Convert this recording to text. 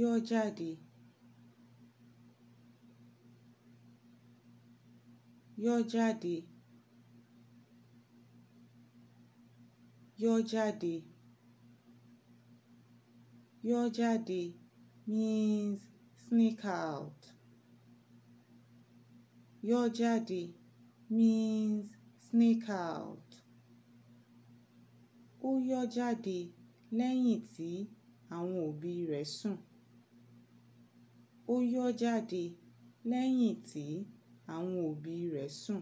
yọ́ jáde yọ́ jáde yọ́ jáde yọ́ jáde means sneak out yọ́ jáde means sneak out ó yọ́ jáde lẹ́yìn tí àwọn òbí rẹ̀ sùn ó yọ́ jáde lẹ́yìn tí àwọn òbí rẹ̀ sùn